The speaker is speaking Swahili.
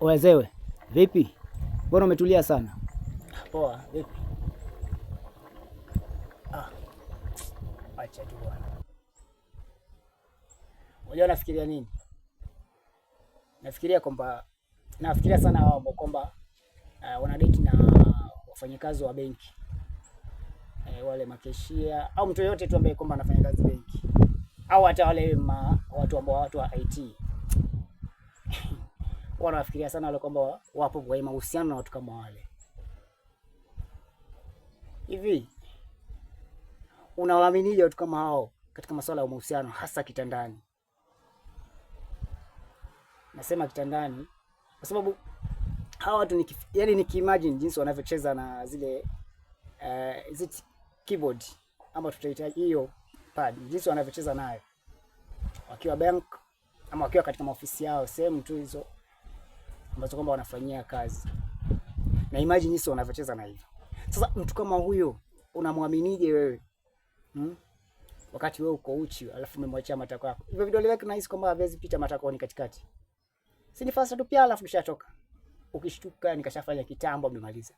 Wazewe, vipi? Mbona umetulia sana? Poa, vipi? Ah. Acha tu bwana. Unajua nafikiria nini? Nafikiria kwamba nafikiria sana wao kwamba uh, eh, wanadeti na wafanyakazi wa benki uh, wale makeshia au mtu yoyote tu ambaye kwamba anafanya kazi benki au hata wale ma, watu ambao watu wa IT wanawafikiria sana wale kwamba wapo kwa mahusiano na watu kama wale. Hivi unawaaminije watu kama hao katika masuala ya mahusiano, hasa kitandani? Nasema kitandani kwa sababu hawa watu ni yani, nikiimagine jinsi wanavyocheza na zile uh, eh, it keyboard ama tutaita hiyo pad, jinsi wanavyocheza nayo wakiwa bank ama wakiwa katika maofisi yao sehemu tu hizo ambazo kwamba wanafanyia kazi, na imagine sio wanavyocheza na hivyo. Sasa mtu kama huyo unamwaminije wewe hmm? Wakati wewe uko uchi, alafu umemwachia matako yako hivyo, vidole vyake nahisi kwamba hawezi pita matakoni katikati, si ni fasta tu pia, alafu kishatoka ukishtuka, nikashafanya kitambo, amemaliza.